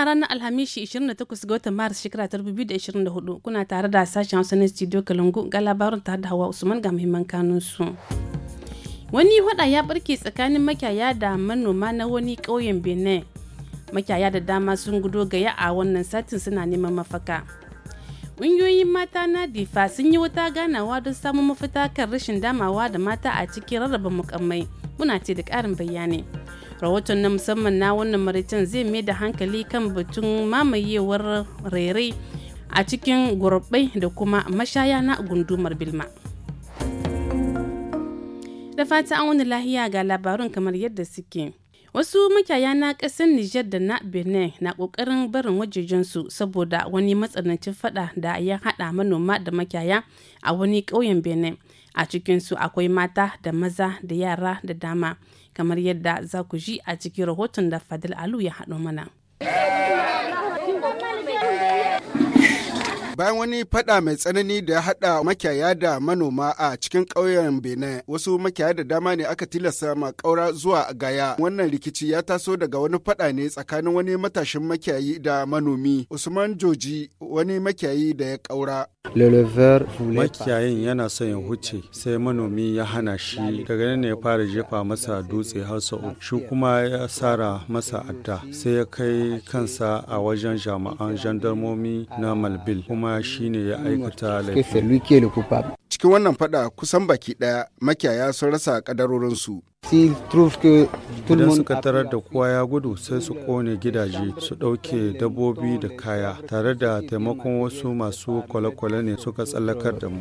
Muna ranar Alhamishi 28 ga watan Maris shekara 2024 kuna tare da sashen Hausa na Studio Kalungu ga labarin tare da Hawa Usman ga muhimman kanunsu. Wani hada ya barke tsakanin makiyaya da manoma na wani ƙauyen Benin. Makiyaya da dama sun gudo gaya a wannan satin suna neman mafaka. Ƙungiyoyin mata na difa sun yi wata ganawa don samun mafita kan rashin damawa da mata a cikin rarraba mukammai. Muna ce da ƙarin bayani. rahoton na musamman na wannan maraicen zai mai da hankali kan batun mamayewar rere a cikin gurbai da kuma mashaya na gundumar bilma da fata an wani lahiya ga labarun kamar yadda suke Wasu makiyaya na ƙasar Nijar da na Benin na ƙoƙarin barin wajejensu saboda wani matsanancin fada da ya haɗa manoma da makiyaya a wani ƙauyen Benin. A cikinsu akwai mata da maza da yara da dama, kamar yadda za ku ji a cikin rahoton da Fadil Alu ya haɗo mana. Bayan wani fada mai tsanani da ya hada makiyaya da manoma a cikin ƙauyen Benin, wasu makiyaya da dama ne aka tilasta ma ƙaura zuwa gaya. Wannan rikici ya taso daga wani fada ne tsakanin wani matashin makiyayi da manomi. Usman Joji wani makiyayi da ya ƙaura. Makiyayin yana son ya huce sai manomi ya hana shi daga nan ne ya fara jefa masa dutse har sau shi kuma ya sara masa adda sai ya kai kansa a wajen jami'an jandarmomi na Malbil kuma kuma shine ya aikata laifin. Cikin wannan fada kusan baki ɗaya makiyaya sun rasa kadarorinsu. Idan suka tarar da kowa ya gudu sai su kone gidaje su ɗauke dabbobi da kaya tare da taimakon wasu masu kwalekwale kwale ne suka tsallakar da mu.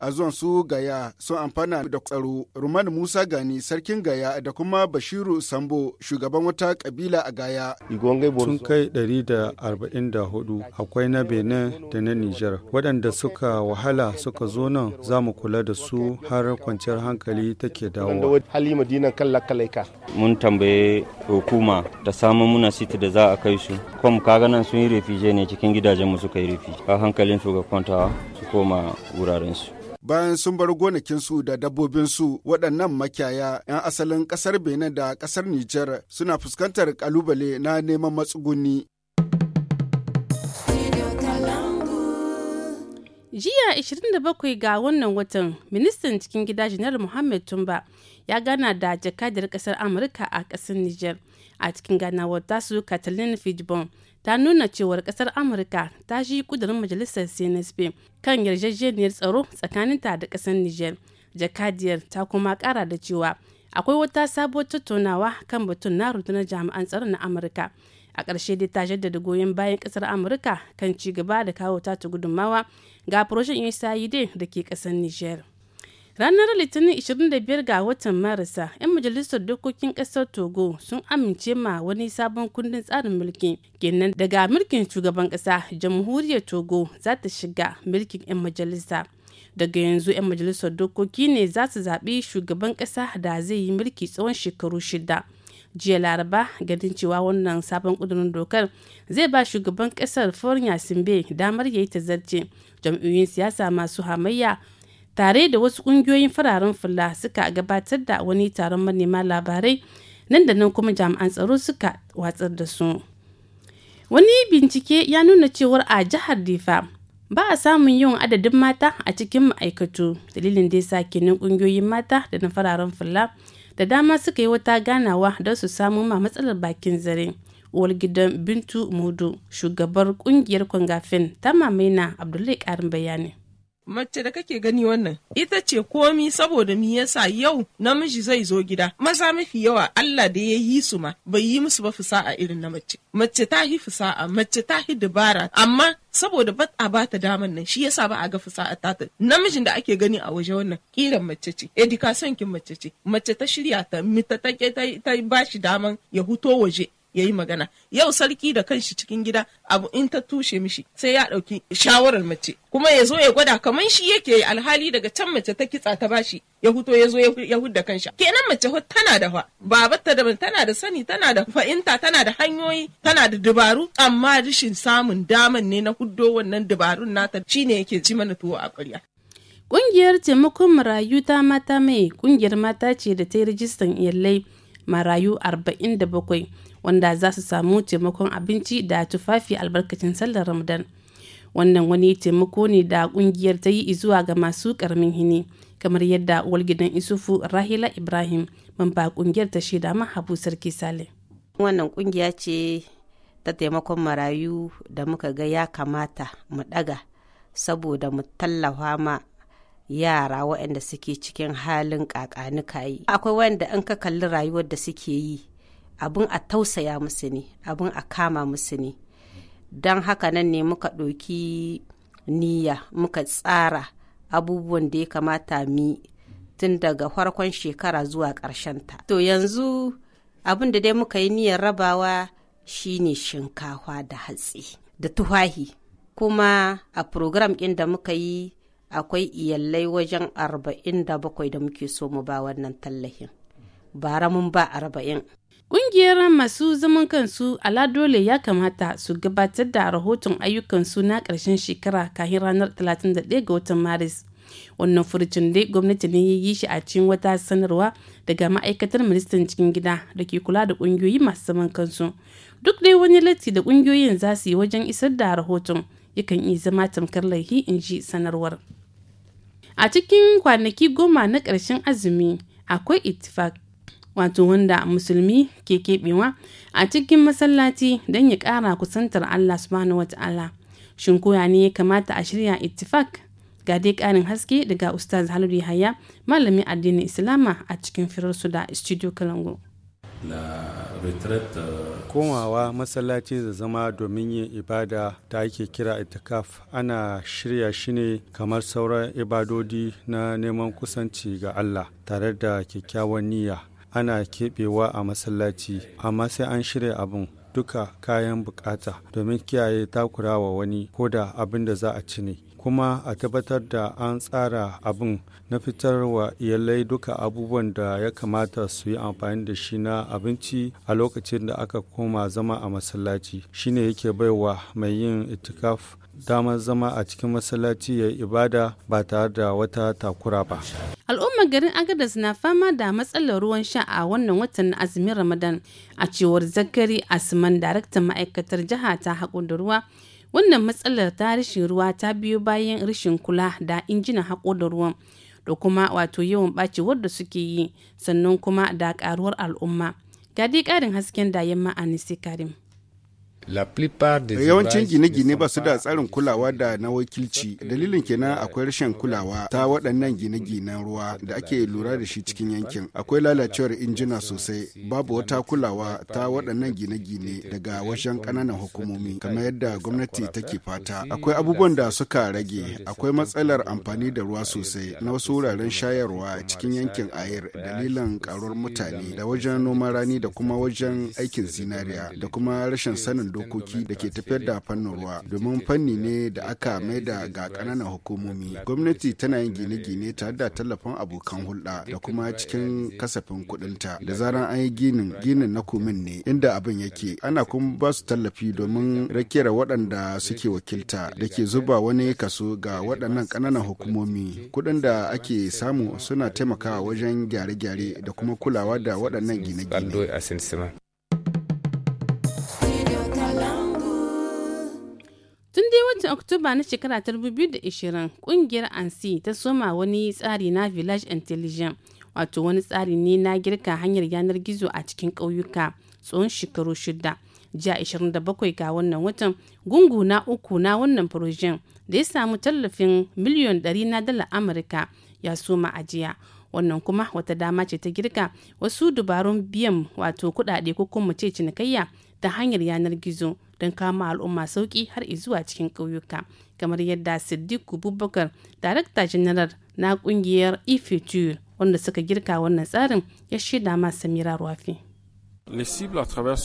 A zuwan su gaya sun amfana da tsaro Rumani Musa Gani sarkin gaya da kuma Bashiru Sambo shugaban wata kabila a gaya. Sun kai 144 akwai na Benin da na Nijar waɗanda suka wahala suka zo nan za mu kula da su har kwanciyar hankali ta. take wani halima dinan kalla kalaika mun tambaye hukuma ta samu muna siti da za a kai su kom kaga nan sun yi refije ne cikin gidajen mu suka yi refije ka hankalin su ga kwantawa su koma wuraren su bayan sun bar gonakin su da dabbobin su waɗannan makiyaya 'yan asalin ƙasar benin da ƙasar niger suna fuskantar ƙalubale na neman matsuguni jiya 27 ga wannan watan ministan cikin gida janar muhammad tumba ya gana da jakadiyar kasar amurka a kasar niger a cikin ganawar tasu katalin fijibon ta nuna cewar kasar amurka ta shi kudurin majalisar cnsp kan yarjejeniyar tsaro tsakanin ta da kasar niger jakadiyar ta kuma kara da cewa akwai wata sabuwar tattaunawa kan batun na rundunar jami'an tsaro na amurka a ƙarshe dai ta jaddada goyon bayan ƙasar amurka kan ci gaba da kawo tata gudunmawa ga furoshin usaid da ke ƙasar niger ranar litinin 25 ga watan marisa 'yan majalisar dokokin ƙasar togo sun amince ma wani sabon kundin tsarin mulki kenan daga mulkin shugaban ƙasa jamhuriyar togo za ta shiga mulkin 'yan majalisa daga yanzu 'yan majalisar dokoki ne za su zaɓi shugaban ƙasa da zai yi mulki tsawon shekaru shida jiya laraba gadin cewa wannan sabon kudurin dokar zai ba shugaban kasar foreign simbe damar ya yi zarce jam'iyyun siyasa masu hamayya tare da wasu kungiyoyin fararen fulla suka gabatar da wani taron manema labarai nan da nan kuma jami'an tsaro suka watsar da su wani bincike ya nuna cewar a jihar difa ba a samun yawan adadin mata a cikin ma'aikatu dalilin da ya sa kenan kungiyoyin mata da na fararen fulla da dama suka yi wata ganawa don su samu ma matsalar bakin zare uwar gidan bintu mudu shugabar kungiyar kwangafen ta mamaina abdullahi karin bayani Mace da kake gani wannan ita ce komi saboda mi yasa yau namiji zai zo gida maza mafi yawa Allah da ya yi su ma bai yi musu ba fusa'a irin na mace mace ta hi fusa'a mace ta yi dabara amma saboda ba a bata daman nan shi yasa ba a ga fusa'a ta namijin da ake gani a waje wannan kiran mace ce education kin mace ce mace ta shirya ta mita ta ta bashi daman ya huto waje ya yi magana yau sarki da kanshi cikin gida abu in ta tushe mishi sai ya ɗauki shawarar mace kuma ya zo ya gwada kamar shi yake alhali daga can mace ta kitsa ta bashi ya huto ya zo ya hudda kanshi kenan mace tana da fa babatta da tana da sani tana da fahimta tana da hanyoyi tana da dabaru amma rashin samun daman ne na huddo wannan dabarun nata shine yake ci mana tuwo a ƙwarya Ƙungiyar taimakon marayu ta mata mai ƙungiyar mata ce da ta yi rijistan iyalai marayu 47 wanda za su samu taimakon abinci da tufafi albarkacin sallar ramadan wannan wani taimako ne da kungiyar ta yi izuwa ga masu karamin hini kamar yadda uwar gidan isufu rahila ibrahim mamba kungiyar ta shaida ma habu sarki sale wannan kungiya ce ta taimakon marayu da muka ga ya kamata mu daga saboda mu tallafa ma yara waɗanda suke cikin halin kakanikayi akwai wanda in ka kalli rayuwar da suke yi abin a tausaya musu ne abin a kama musu ne don haka nan ne muka ɗauki niyya muka tsara abubuwan da ya kamata mi tun daga farkon shekara zuwa ƙarshen ta. to yanzu abin da dai muka yi niyyar rabawa shine shinkafa da hatsi da tuhahi kuma a program ɗin da muka yi akwai iyalai wajen arba'in da bakwai da muke so mu ba wannan tallahin bara mun ba arba'in Ƙungiyar masu zaman kansu ala dole ya kamata su gabatar da rahoton ayyukansu na ƙarshen shekara kahin ranar 31 ga watan Maris. Wannan furucin dai gwamnati ne ya yi shi a cikin wata sanarwa daga ma'aikatar ministan cikin gida da ke kula da ƙungiyoyi masu zaman kansu. Duk dai wani latti da ƙungiyoyin za su yi wajen isar da rahoton yakan iya zama tamkar laifi in ji sanarwar. A cikin kwanaki goma na ƙarshen azumi akwai itifak wato wanda musulmi ke keɓewa a cikin masallaci don ya ƙara kusantar Allah subhanahu ta'ala shin koya ne ya kamata a shirya ittifak ga dai ƙarin haske daga ustaz haluri yahaya malamin addinin islama a cikin firarsu da studio kalango. Uh, komawa masallaci da zama domin yin ibada da ake kira itikaf ana shirya shi ne kamar sauran ibadodi na neman kusanci ga Allah tare da kyakkyawan niyya ana keɓewa a masallaci amma sai an shirya abin duka kayan bukata domin kiyaye takura wa wani ko da abin da za a ci ne kuma a tabbatar da an tsara abin na fitar wa iyalai duka abubuwan da ya kamata su yi amfani da shi na abinci a lokacin da aka koma zama a masallaci shine yake baiwa mai yin itikaf damar zama a cikin masallaci ya ibada ba tare da wata takura ba. Al'ummar garin Agadas na fama da matsalar ruwan sha a wannan watan na azumin Ramadan a cewar Zakari Asman daraktan ma'aikatar jiha ta haƙon da ruwa. Wannan matsalar ta rashin ruwa ta biyo bayan rashin kula da injinan haƙo da ruwan da kuma wato yawan ɓacewar da suke yi sannan kuma da ƙaruwar al'umma. Ga dai ƙarin hasken da yamma a Karim. Yawancin gine-gine ba su da tsarin kulawa da na wakilci, dalilin kenan akwai rashin kulawa ta waɗannan gine-ginen ruwa da ake lura da shi cikin yankin. Akwai lalacewar injina sosai, babu wata kulawa ta waɗannan gine-gine daga wajen ƙananan hukumomi, kamar yadda gwamnati take fata. Akwai abubuwan da suka rage, akwai matsalar amfani da ruwa sosai na wasu wuraren shayarwa cikin yankin Ayer. dalilin karuwar mutane da wajen noman rani da kuma wajen aikin zinariya da kuma rashin sanin dokoki da ke tafiyar da fannin ruwa domin fanni ne da aka maida ga ƙananan hukumomi gwamnati tana yin gine-gine tare da tallafin abokan hulɗa da kuma cikin kasafin kuɗinta da zaran an yi ginin ginin na kumin ne inda abin yake ana kuma ba su tallafi domin rakiyar waɗanda suke wakilta da ke zuba wani kaso ga waɗannan ƙananan hukumomi kuɗin da ake samu suna taimakawa wajen gyare-gyare da kuma kulawa da waɗannan gine-gine watan Oktoba na shekara ta 2020 kungiyar ANSI ta soma wani tsari na Village Intelligence wato wani tsari ne na girka hanyar yanar gizo a cikin ƙauyuka tsohon shekaru shida. Jiya 27 ga wannan watan gungu na uku na wannan projen da ya samu tallafin miliyon 100 na dala Amurka ya soma ajiya. wannan kuma wata dama ce ta girka wasu dubarun biyan wato kudade ko kuma ce cinikayya ta hanyar yanar gizo don kama al'umma sauki har zuwa cikin ƙauyuka kamar yadda siddiqu bubakar darakta janaral na kungiyar ifitur wanda suka girka wannan tsarin ya shaida ma samira rafi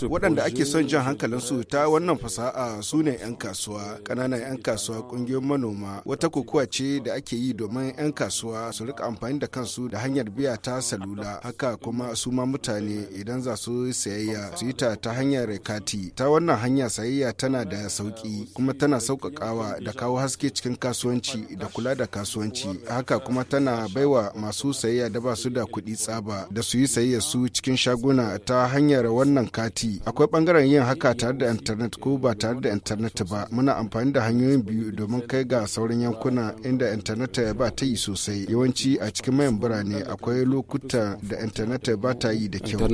waɗanda ake son jan su ta wannan fasaha su ne 'yan kasuwa ƙananan 'yan kasuwa ƙungiyoyin manoma wata kokowa ce da ake yi domin 'yan kasuwa su rika amfani da kansu da hanyar biya ta salula haka kuma su ma mutane idan za su sayayya su yi ta ta hanyar kati ta wannan hanya sayayya tana da sauƙi kuma tana sauƙaƙawa da kawo haske cikin kasuwanci da kula da kasuwanci haka kuma tana baiwa masu sayayya da ba su da kuɗi tsaba da su yi sayayya su cikin shaguna ta hanyar hanyar wannan kati akwai bangaren yin haka tare da intanet ko ba tare da intanet ba muna amfani da hanyoyin biyu domin kai ga sauran yankuna inda intanet ba ta yi sosai yawanci a cikin mayan birane akwai lokuta da intanet ba ta yi da kyau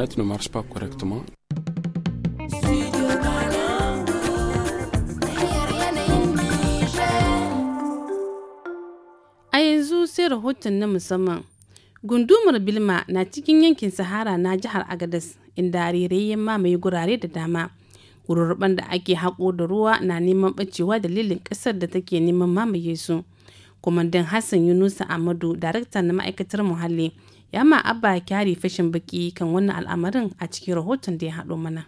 A yanzu sai rahoton na musamman. Gundumar Bilma na cikin yankin Sahara na jihar Agadez inda rere ya mamaye gurare da dama gururban da ake haƙo da ruwa na neman ɓacewa dalilin ƙasar da take neman mamaye su kwamandan hassan yunusa amadu darakta na ma'aikatar muhalli ya ma abba kyari fashin baki kan wannan al'amarin a cikin rahoton da ya haɗo mana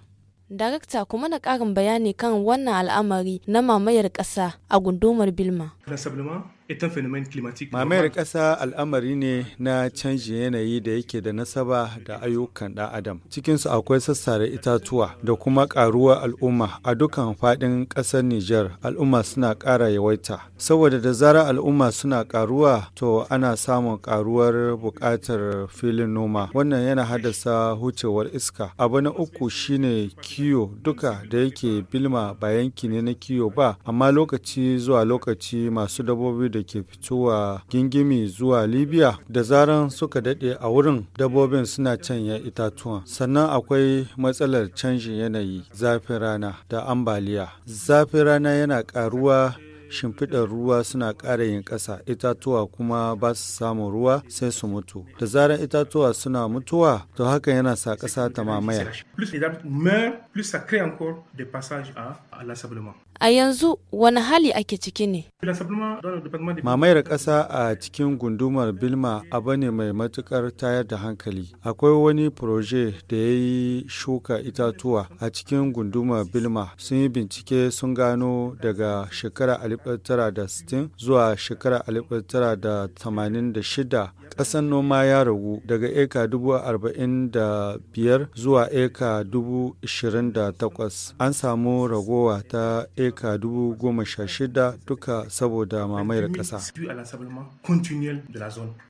Darakta kuma na ƙarin bayani kan wannan al'amari na mamayar ƙasa a gundumar Bilma. ita fenomen climatic mamayar ƙasa al'amari ne na canji yanayi da yake da nasaba da ayyukan ɗan adam cikinsu akwai sassare itatuwa da kuma ƙaruwar al'umma a dukkan faɗin ƙasar Nijar, al'umma suna ƙara yawaita saboda da zarar al'umma suna ƙaruwa to ana samun ƙaruwar buƙatar filin noma wannan yana haddasa hucewar iska abu na uku shine kiyo duka da yake bilma ba yanki ne na kiyo ba amma lokaci zuwa lokaci masu dabbobi da ke fitowa gingimi zuwa libya da zaran suka daɗe a wurin dabbobin suna canya itatuwa sannan akwai matsalar canjin yanayi zafin rana da ambaliya zafin rana yana ƙaruwa shimfiɗar ruwa suna ƙara yin ƙasa itatuwa kuma ba su samun ruwa sai su mutu da zarar itatuwa suna mutuwa to haka yana sa ƙasa ta mamaya A yanzu wani hali ake ciki ne? Mamayar ƙasa a cikin gundumar Bilma abu ne mai matukar tayar da hankali. Akwai wani proje da ya yi shuka itatuwa a cikin gundumar Bilma sun yi bincike sun gano daga shekara 1960 zuwa shekara 1986 ƙasan noma ya ragu daga eka biyar zuwa eka 28. An samu ragowa ta eka eka dubu goma sha shida duka saboda mamayar ƙasa.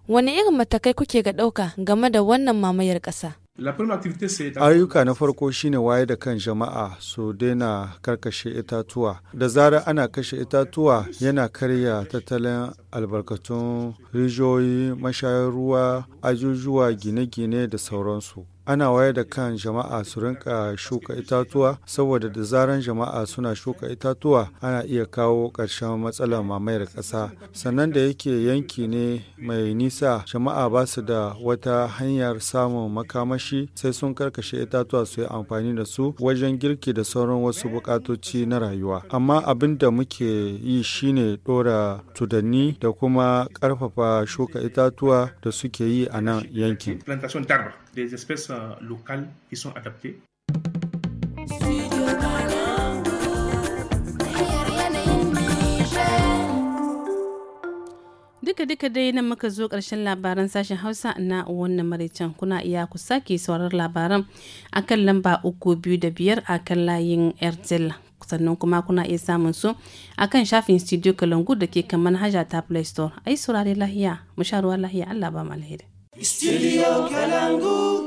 Wani irin matakai kuke ga ɗauka game da wannan mamayar ƙasa? ayyuka na farko shine waye da kan jama'a su daina karkashe itatuwa da zarar ana kashe itatuwa yana karya tattalin albarkatun rijiyoyi mashayar ruwa ajujuwa gine-gine da sauransu ana wayar da kan jama'a su rinka shuka itatuwa saboda da zaran jama'a suna shuka itatuwa ana iya kawo ƙarshen matsalar mamayar ƙasa sannan da yake yanki ne mai nisa jama'a ba su da wata hanyar samun makamashi sai sun karkashe itatuwa su yi amfani da su wajen girki da sauran wasu buƙatoci na rayuwa amma abin da muke yi shine ɗora tudanni da da kuma karfafa shuka itatuwa da suke yi a nan yankin. duka-duka euh, dai nan muka zo ƙarshen labaran sashen hausa na wannan maraicen kuna iya ku sake sauran labaran akan lamba uku biyu da biyar akan layin airtel sannan kuma kuna iya samun su a kan shafin studio kalangu da ke kan manhaja ta play store ai saurari lahiya mu sha ruwa lahiya allah ba mu alheri studio kalangu